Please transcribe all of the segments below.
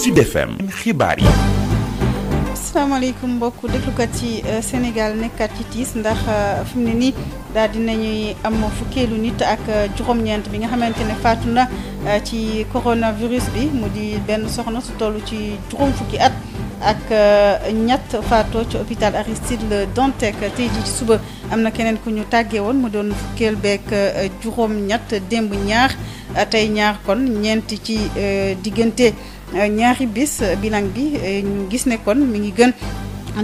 Sud FM xibaar yi. asalaamaaleykum mbokk déglukat yi euh, Sénégal nekkaat yi tiis ndax euh, fi mu ne nii daal dinañuy am fukkeelu nit ak euh, juróom-ñeent bi nga xamante ne faatu na ci coronavirus bi mu di benn soxna su toll ci juróom fukki at. ak ñett faatoo ci hôpital Aristide Dantec tey jii suba am na keneen ku ñu tàggee woon mu doon fukkeel beeg juróom ñett démb ñaar tey ñaar kon ñeent ci diggante ñaari bis euh, bilan bi euh, ñu gis ne kon mi ngi gën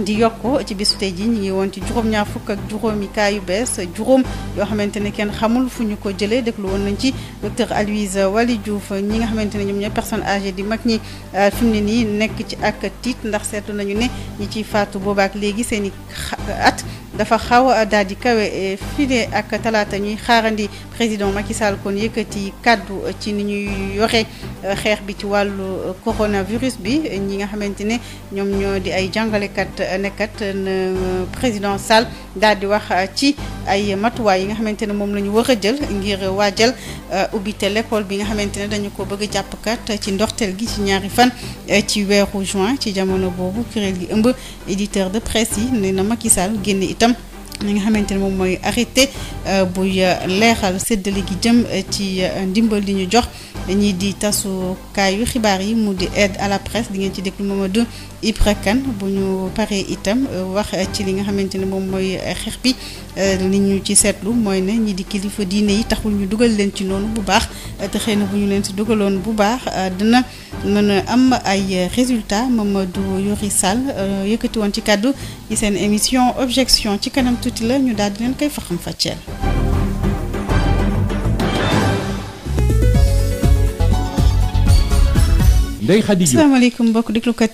di yokk ci bisu tey jii ñu ngi woon ci juróom-ñaar fukk ak juróomi cas yu bees juróom yoo xamante ne kenn xamul fu ñu ko jëlee déglu woon nañ ci docteur Aloyse Waly Diouf ñi nga xamante ne ñoom ñooy personnes âgées di mag ñi euh, fi ne nii nekk ci ak tiit ndax seetu nañu ne ñi ciy faatu boobaak léegi seen i at dafa xaw a daal di kawe file ak talaata ñuy xaarandi président Macky Sall kon yëkkati kàddu ci ni ñuy yoree Euh, xeex bi ci wàllu euh, coronavirus bi ñi nga xamante ne ñoom ñoo di ay jàngalekat euh, nekkat président Sall daal di wax ci ay matuwaay yi nga xamante ne moom la ñu war a jël ngir waajal ubbite l'école bi nga xamante ne dañu ko bëgg jàppkat ci ndoxteel gi ci ñaari fan ci weexu juin ci jamono boobu kuréel gi ëmb éditeur de presse yi nee na Macky Sall génne itam. li nga xamante ne moom mooy arrêté buy leexal séddale gi jëm ci ndimbal li ñu jox. ñii di tasu kaayu xibaar yi mu di aide à la presse di ngeen ci déglu Mamadou Ibra Kane bu ñu paree itam euh, wax ci li nga xamante ne moom mooy xeex bi euh, li ñu ci seetlu mooy ne ñi di kilifa diine yi taxul ñu dugal leen ci noonu bu baax te xëy na bu ñu leen ci dugaloon bu baax euh, dina mën a am ay résultats Mamadou Yori Sall yëkkati woon ci kàddu ci seen émission objection ci kanam tuuti la ñu daal di leen koy faxam fàcceel Ndeye Khady Diop asalaamaaleykum mbokk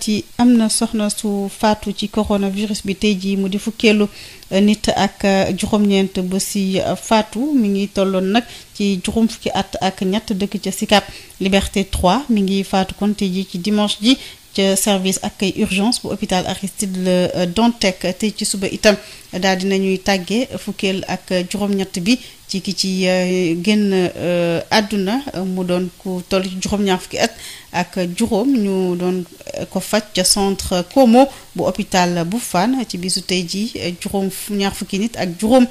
yi am na soxna su faatu ci coronavirus bi tey jii mu di fukkeelu eh, nit ak eh, juróom-ñeent ba si eh, faatu mu ngi tolloon nag ci juróom fukki at ak ñett dëkk ca Sicap Liberté 3 mu ngi faatu kon tey ci dimanche ji. ca service accueil urgence bu hôpital Aristide Le euh, Dantec tey ci suba itam daal ñuy tàggee fukkeel ak juróom-ñett bi ci ki ci euh, génn euh, àdduna mu doon ku toll ci juróom-ñaar fukki at ak juróom ñu doon ko faj ca centre Como bu hôpital bu Fann ci bisu tey ji juróom ñaar fukki nit ak juróom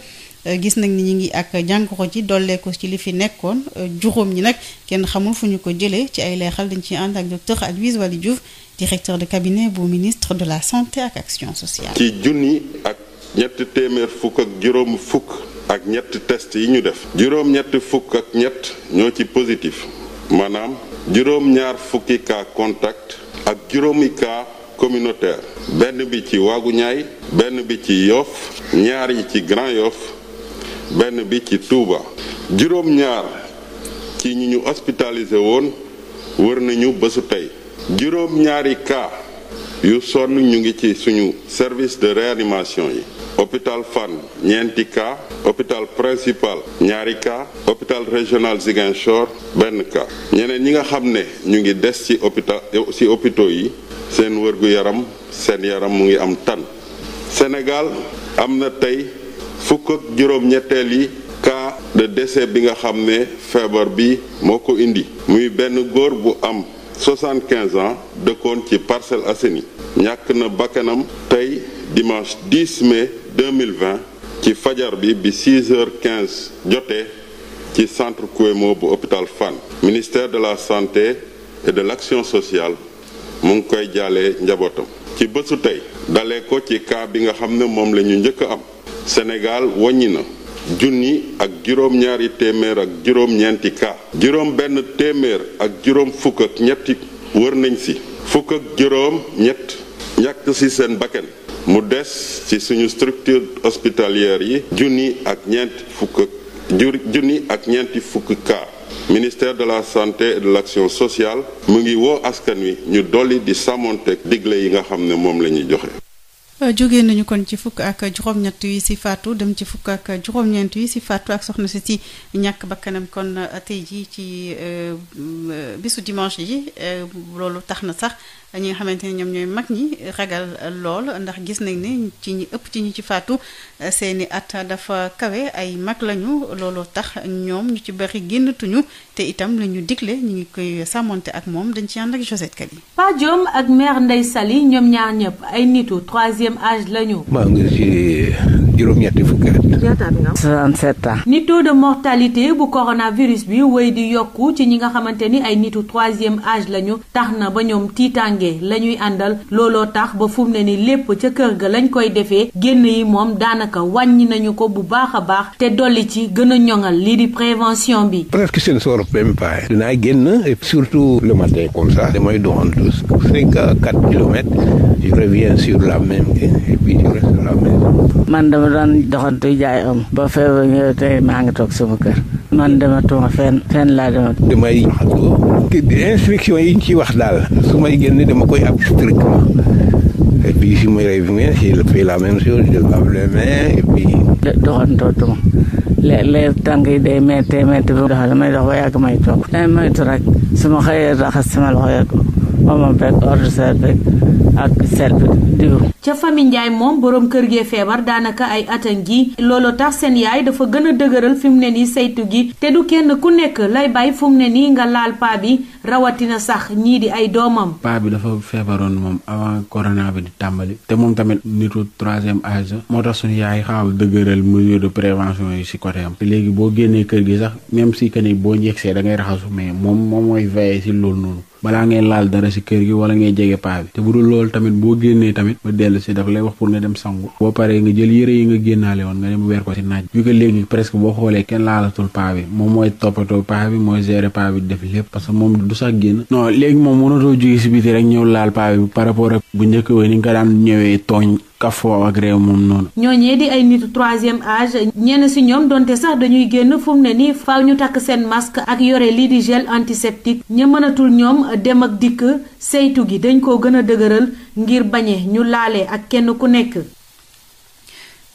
Euh, gis nag ni ñi ngi ak jàngoro ji dolleeku ci li fi nekkoon euh, juróom ñi nag kenn xamul fu ñu ko jëlee ci ay leexal dañ ciy ànd ak docteur Aloyse Waly Diouf directeur de cabinet bu ministre de la santé ak action sociale. ci junni ak ñett téeméer fukk ak juróom fukk ak ñett test yi ñu def. juróom ñetti fukk ak ñett ñoo ci positif maanaam juróom ñaar fukki cas contact ak juróomi cas communautaire benn bi ci waagu ñaay benn bi ci yoof ñaar yi ci grand yoof benn bi ci Touba juróom-ñaar ci ñi ñu hospitalisé woon wër nañu bésu tey juróom-ñaari cas yu sonn ñu ngi ci suñu service de réanimation yi hôpital Fann ñeenti cas hôpital principal ñaari cas hôpital régional Ziguinchor benn cas ñeneen ñi nga xam ne ñu ngi des ci hôpital ci hôpitaux yi seen wërgu yaram seen yaram mu ngi am tan Sénégal am na tey fukk juróom-ñetteel yi cas de décès bi nga xam ne feebar bi moo ko indi muy benn góor bu am 75 ans dëkkoon ci parcelle Assainies ñàkk na bakkanam tey dimanche 10 mai 2020 ci fajar bi bi 6 heures 15 jotee ci centre Kouémo bu hôpital Fann ministère de la santé et de l'action sociale mu ngi koy jaalee njabootam ci bésu tey dalee ko ci cas bi nga xam ne moom la ñu njëkk am Sénégal wàññi na junni ak juróom-ñaari téeméer ak juróom-ñeenti cas juróom benn téeméer ak juróom fukk ñetti wër nañ si fukk juróom ñett ñàkk si seen bakkan mu des ci suñu structure hospitalière yi junni ak ñeenti fukk ak junni ak ñeenti fukk ministère de la santé et de l'action sociale mu ngi woo askan wi ñu dolli di sàmmonteeg digle yi nga xam ne moom la ñuy joxe Euh, jóge nañu kon ci fukk ak juróom-ñett yi si faatu dem ci fukk ak juróom-ñeent yi si faatu ak soxna si si ñàkk bakkanam kon euh, tey ji ci euh, bisu dimanche yi loolu tax na sax ñi nga xamante ni ñoom ñooy mag ñi ragal lool ndax gis nañ ni ci ñi ëpp ci ñu ci faatu eh, seeni at dafa kawe ay mag lañu looloo tax ñoom ñu ci bari génnatuñu te itam la ñu digle ñu ngi koy sàmmonte ak moom dañ ci ànd ak Josette Kaly. Pa Diom ak mère Ndeye Sali ñoom ñaar ñëpp ay nittu troisième age lañu. maa ngi ci juróom-ñetti fukki at. 67 ans. bu coronavirus bi wéy di yokku ci ñi nga xamante ni ay nitu troisième âge lañu tax na ba ñoom tiitaange màggee la ñuy àndal looloo tax ba fu mu ne ni lépp ca kër ga lañ koy defee génn yi moom daanaka wàññi nañu ko bu baax a baax te dolli ci gën a ñoŋal lii di prévention bi. presque je ne sors dinaa génn surtout le matin comme ça. damay doxantu cinq à quatre kilomètres. je reviens sur la même et puis je man dama daan doxantu jaay am. ba feebar ñëw tey maa ngi toog sama kër. man dematuma fenn fenn laa demat damay instruction yi ñu ci wax daal su may génn dama koy ab strictement et puis si may revient si fais la même chose je lave les mains et puis le leer tànk yi day méttee métti ba doxal damay dox ba yàgg may toog damay moytu rek su ma xëyee raxas sama loxo moomam fekk ak serpe diw ca famille Ndiaye moom boroom kër gee feebar daanaka ay atan gi looloo tax seen yaay dafa gën a dëgëral fi mu ne nii saytu gi te du kenn ku nekk lay bàyyi fu ne nii nga laal paa bi rawatina sax ñii di ay doomam paa bi dafa feebaroon moom avant corona bi tàmbali te moom tamit nitu troisième âge moo tax suñu yaay xaw dëgëral mesure de prévention yu si côté am léegi boo génnee kër gi sax même si que ni boo njegsee da ngay raxasu mais moom moom mooy veiller si loolu noonu balaa ngay laal dara si kër gi wala ngay jege paa te bu dul lool tamit boo génnee tamit ba dellu si daf lay wax pour nga dem sangu boo paree nga jël yére yi nga génnaale woon nga dem weer ko si naaj bi ko léegi presque boo xoolee kenn laalatul paa bi moom mooy toppatoo paa bi mooy gérer paa bi def lépp parce que moom du sax génn non léegi moom mënatoo jóge si biti rek ñëw laal paa bi par rapport bu njëkk way ni nga daan ñëwee tooñ kafoo ak réew moom noonu. ñooñee di ay nitu troisième age ñenn si ñoom donte sax dañuy génn fu mu ne nii faaw ñu takk seen masque ak yore lii di gel antiseptique ña mënatul ñoom dem ak dikk saytu gi dañ koo gën a dëgëral ngir bañe ñu laale ak kenn ku nekk.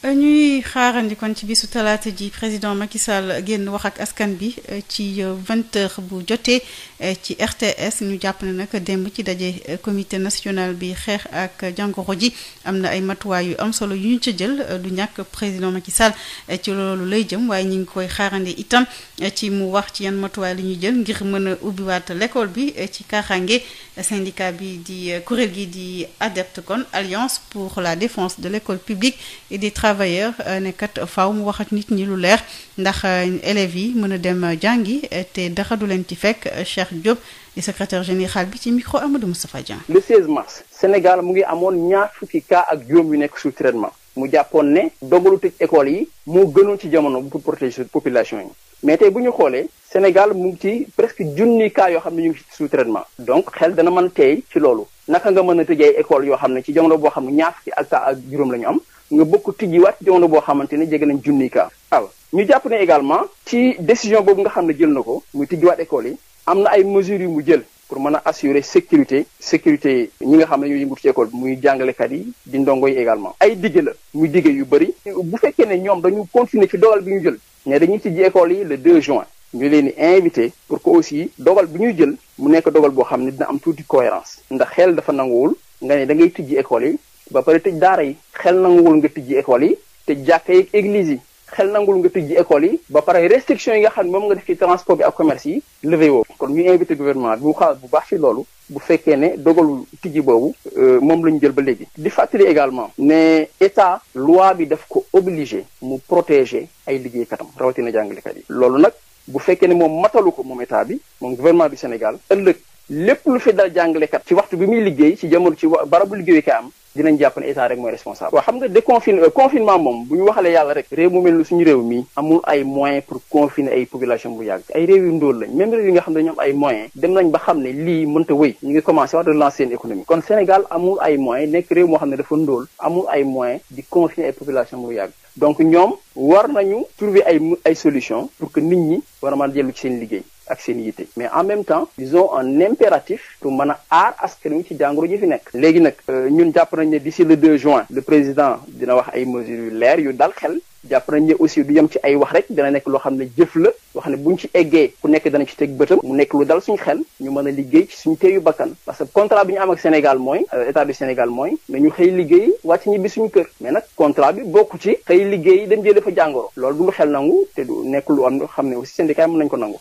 ñuy xaarandi kon ci bisu talaata ji président Macky Sall génn wax ak askan bi euh, ci euh, vingt heures bu jotee euh, ci RTS ñu jàpp ne nag démb ci daje comité national bi xeex ak jàngoro ji am na ay matuwaay yu am solo yu ñu ca jël du ñàkk président Macky Sall ci loolu lay jëm waaye ñu ngi koy xaarandi itam ci mu wax ci yenn matuwaay li ñuy jël ngir mën a ubbiwaat l'école bi ci kaaraange syndicat bi di kuréel gi di ADEPT kon Alliance pour la défense de l'école publique et travailleur euh, ne kat mu wax ak nit ñi lu leer ndax euh, élèves yi mën a dem euh, jàngi te dara du leen ci fekk Cheikh Diop di secrétaire général bi ci micro Amadou Moustapha Dieng. le 16 mars Sénégal mu ngi amoon ñaar fukki cas ak juróom yu nekk sous traitement mu jàppoon ne dogalu tëj école yi moo gënoon ci jamono pour protéger population yi mais tey bu ñu xoolee Sénégal mu ngi ci presque junni cas yoo xam ne ñu ngi ci sous traitement donc xel dana man tey ci loolu naka nga mën a tëjee école yoo xam ne ci jamono boo xam ne ñaar fukki ak cas ak juróom la ñu am nga bokk tijjiwaat jamono boo xamante ne jege nañ junni kaa waaw ñu jàpp ne également ci décision boobu nga xam ne jël na ko muy tijjiwaat école yi am na ay mesures yu mu jël pour mën a assurer sécurité sécurité ñi nga xam ne ñooy yëngutu ci école bi muy jàngalekat yi di ndongo yi également ay digge la muy digge yu bëri bu fekkee ne ñoom dañu continuer ci dogal bi ñu jël ne dañuy tijji école yi le 2 juin ñu leen di invité pour que aussi dogal bi ñuy jël mu nekk dogal boo xam ne dina am tuuti cohérence ndax xel dafa nanguwul nga da ngay tijji école yi ba pare tëj daara yi xel nanguwul nga tijji école yi te jàkka yi église yi xel nanguwul nga tijji école yi ba pare restriction yi nga xam ne moom nga def ci transport bi ak commerce yi levé woo kon ñu invité gouvernement bi mu xaar bu baax ci loolu bu fekkee ne dogalu tijji boobu euh, moom la ñu jël ba léegi di fàttali également ne état loi bi def ko obligé mu protéger ay liggéeykatam rawatina jàngalekat yi loolu nag bu fekkee ne moom matalu ko moom état bi moom gouvernement du Sénégal ëllëg lépp lu fi jàngalekat ci waxtu bi muy liggéey ci jamono ci barabu liggéeyukaay am dinañ jàpp ne état rek mooy responsable waaw xam nga déconfine euh, confinement moom bu ñu waxalee yàlla rek réew mu mel suñu réew mi amul ay moyens pour confiner ay population bu yàgg ay réew yu ndóol lañ même réew yi nga xam ne ñoom ay moyens dem nañ ba xam ne lii mënta wëy ñu ngi commencé war relancer seen économie kon Sénégal amul ay moyens nekk réew moo xam ne dafa ndool amul ay moyen di confiner ay population bu yàgg donc ñoom war nañu trouver ay ay solution pour que nit ñi war a mën dellu ci seen liggéey ak seen mais en même temps ils ont un impératif pour mën a aar askan wi ci jàngoro ji fi nekk léegi nag euh, ñun jàpp nañ ne si le 2 juin le président dina wax ay mesures yu leer yu dal xel jàpp nañ ne aussi du yem ci ay wax rek dana nekk loo xam ne jëf la wax ne buñ ci eggee ku nekk dana ci teg bëtam mu nekk lu dal suñu xel ñu mën a liggéey ci suñu teeyu bakkan parce que contrat bi ñu am ak Sénégal mooy euh, état du Sénégal mooy mais ñu xëy liggéey wàcc ñibbi suñu kër mais nag contrat bi bokku ci xëy liggéey dem jëlee fa jàngoro loolu du lu xel nangu te du nekk lu am xam ne aussi syndicat mën nañ ko nangu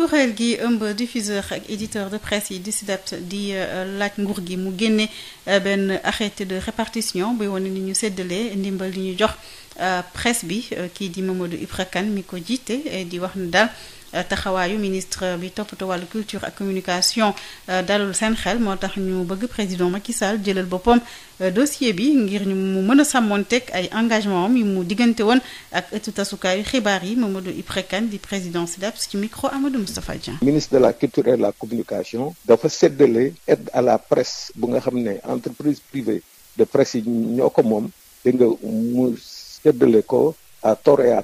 kuréel gi ëmb diffuseur ak éditeur de presse yi di SYDAP di euh, laaj nguur gi mu génne euh, benn arrêté de répartition buy wane ni ñu séddalee ndimbal li ñu jox euh, presse bi kii di Mamadou Ibra Kane mi ko jiite di wax ni daal Euh, taxawaayu ministre bi toppatoo wàllu culture ak communication euh, dalul seen xel moo tax ñu bëgg président Macky Sall jëlal boppam euh, dossier bi ngir ñu mu mën a sàmmoon teg ay engagement am yu mu diggante woon ak ëttu tasukaayu xibaar yi Mamadou Ibra Kane di président SYDAPS ci micro Amadou Moustapha Dieng. ministre de la culture et de la communication dafa séddale aide à la presse bu nga xam ne entreprise privée de presse yi ñoo ko moom dégg nga mu séddale ko à tort et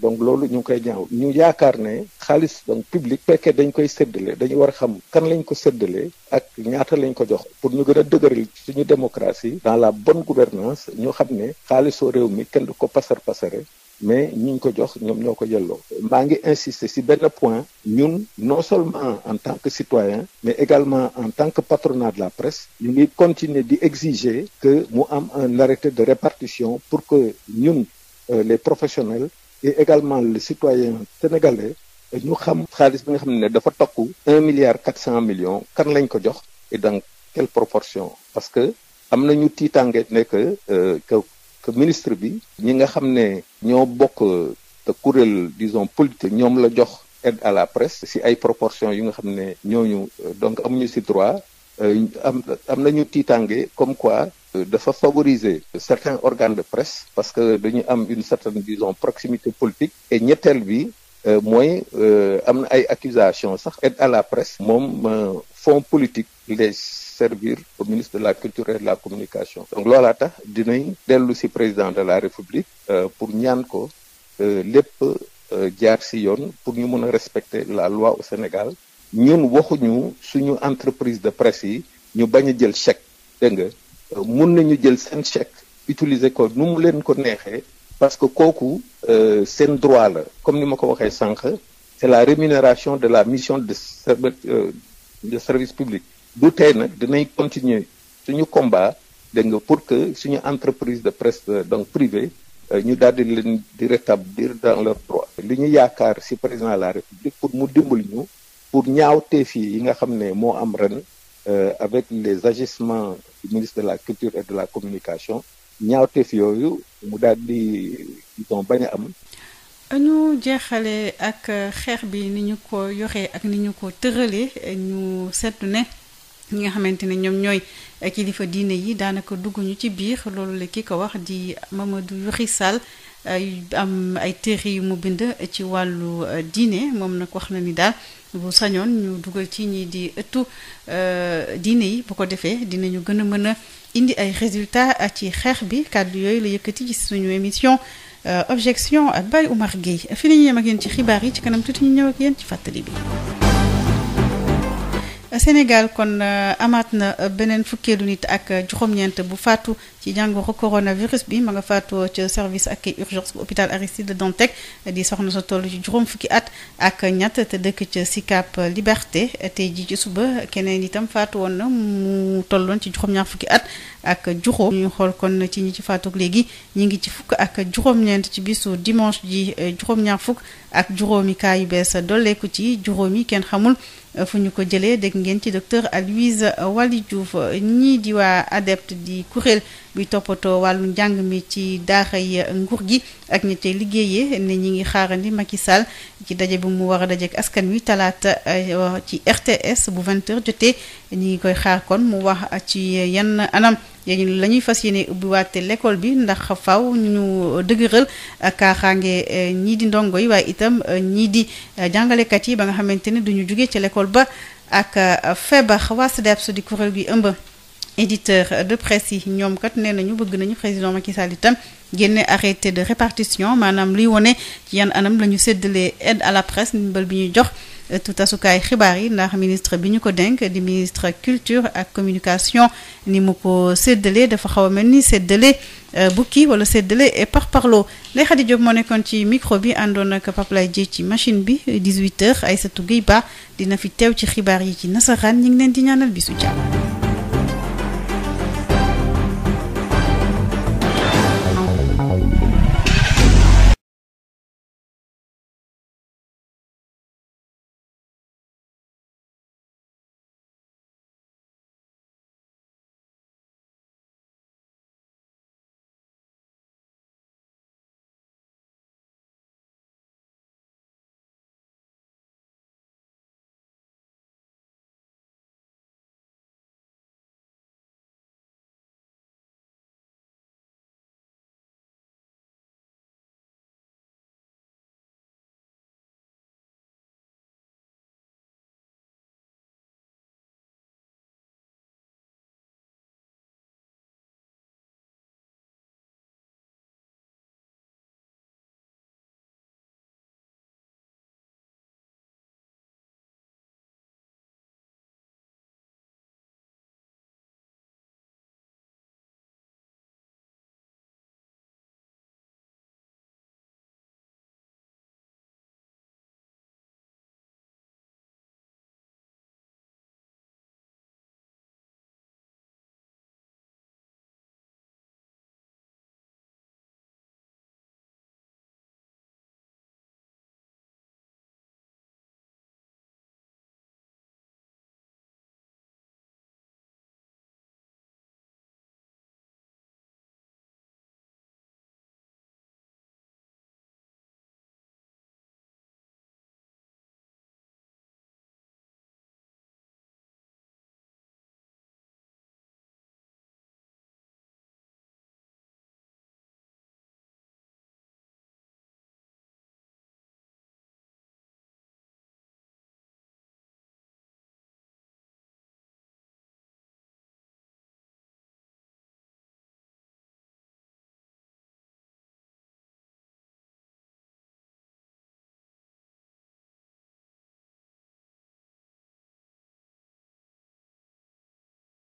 donc loolu ñu ngi koy ñaaw ñu yaakaar ne xaalis donc publique fekkee dañ koy séddale dañu war a xam kan lañ ko séddale ak ñaata lañ ko jox pour ñu gën a dëgëral suñu démocratie dans la bonne gouvernance ñu xam ne xaalisoo réew mi kenn du ko pasar pasare mais ñu ngi ko jox ñoom ñoo ko yelloo maa ngi insister si benn point ñun non seulement en tant que citoyen mais également en tant que patronat de la presse ñu ngi continuer di exiger que mu am un arrêté de répartition pour que ñun euh, les professionnels également le citoyen sénégalais ñu xam xaalis bi nga xam ne dafa tokku un milliard quatre cent millions kan lañ ko jox et dans quelle proportion parce que am na ñu tiitaange ne que euh, que ministre bi ñi nga xam ne ñoo bokk te euh, dison disons politique ñoom la jox aide à la presse si ay proportion yi nga xam ne ñooñu euh, donc amuñu si droit Euh, am am ñu tiitange comme quoi euh, dafa favoriser certains organes de presse parce que dañu am une certaine disons proximité politique et ñetteel bi euh, mooy am na ay accusations sax aide à la presse moom fonds politique les servir au ministre de la culture et de la communication donc loolaa tax dinañ dellu ci président de la république pour ñaan ko lépp jaar ci yoon pour ñu mën a respecter la loi au Sénégal ñun waxuñu suñu entreprise de presse yi ñu bañ a jël chèque dégg nga euh, mun nañu jël seen chèque utiliser ko nu mu leen ko neexee parce que kooku euh, seen droit la comme ni ma ko waxee sànq c'est la rémunération de la mission de euh, de service public du tey nag dinañ continuer suñu combat dégg nga pour que suñu entreprise de presse donc privée ñu daal di leen di rétablir dans leur droit li ñu yaakaar ci président de la république pour mu dimbali ñu pour ñaawteef yi nga xam ne moo am ren euh, avec les agissements du ministre de la culture et de la communication ñaawteef yooyu mu daal di don bañ a am. ñu jeexale ak xeex bi ni ñu ko yoxee ak ni ñu ko tëralee ñu seetlu ne ñi nga xamante ne ñoom ñooy kilifa diine yi daanaka dugguñu ci biir loolu la ki ko wax di Mamadou Yoxi Sall am ay téere yu mu bind ci wàllu diine moom nag wax na ni daal. bu sañoon ñu dugal ci ñi di ëttu euh, diine yi bu ko defee dinañu gën a mën a indi ay résultats ci xeex bi kàddu yooyu la yëkkati ci suñu émission euh, objection ak bay Oumar Gueye fi la ñu yem ak yéen ci xibaar yi ci kanam tuuti ñu ñëw ak ci fàttali bi. Sénégal kon euh, amaat na euh, beneen fukkeelu nit ak euh, juróom-ñeent bu faatu ci jàngoro coronavirus bi ma nga faatu ca service ak urgence bu hôpital Aristide Dantec di soxna sa toll ci juróom fukki at ak ñett dëkk ca Sicap Liberté tey jii ci suba keneen itam faatu woon na mu tolloon ci juróom fukki at ak juróom ñu xool kon ci ñi ci faatu léegi ñi ngi ci fukk ak juróom-ñeent ci bisu dimanche ji juróom-ñaar fukk ak juróomi kaa yu bees dolleeku ci juróom juróomi kenn xamul. fu ñu ko jëlee dégg ngeen ci docteur Aloyse Waly Diouf ñii di waa adepte di kuréel bi toppatoo wàllu njàng mi ci daaxay nguur gi ak ñi tey liggéeyee ne ñi ngi xaarandi Macky Sall ci daje bi mu war a dajeek askan wi talaata euh, ci RTS bu 20h jotee ñi ngi koy xaar kon mu wax ci yan anam yéen la ñuy fas yéene ubbiwaate lekkool bi ndax faw ñu dëgëral kaaxaange euh, ñii di ndongo yi waaye itam euh, ñii di jàngalekat yi ba nga xamante ne duñu jóge ci lekkool ba ak feebar waa SDEPS e di kuréel gi ëmb. éditeur de presse yi ñoom kat nee nañu bëgg nañu président Macky Sall itam génne arrêté de répartition maanaam luy wone ci yan anam la ñu séddalee aide à la presse ndimbal bi ñuy jox euh, tutasukaay xibaar yi ndax ministre bi ñu ko dénk di ministre culture ak communication ni mu ko séddalee dafa xaw a mel ni séddale euh, bukki wala seddale et par parlo Ndeye Khady Diop moo nekkoon ci micro bi àndoon ak Pape Lay Dieng ci machine bi 18h Aïssatou Gueye Ba dina fi teew ci xibaar yi ci nasaraan ñu ngi leen di ñaanal bisu jàmm.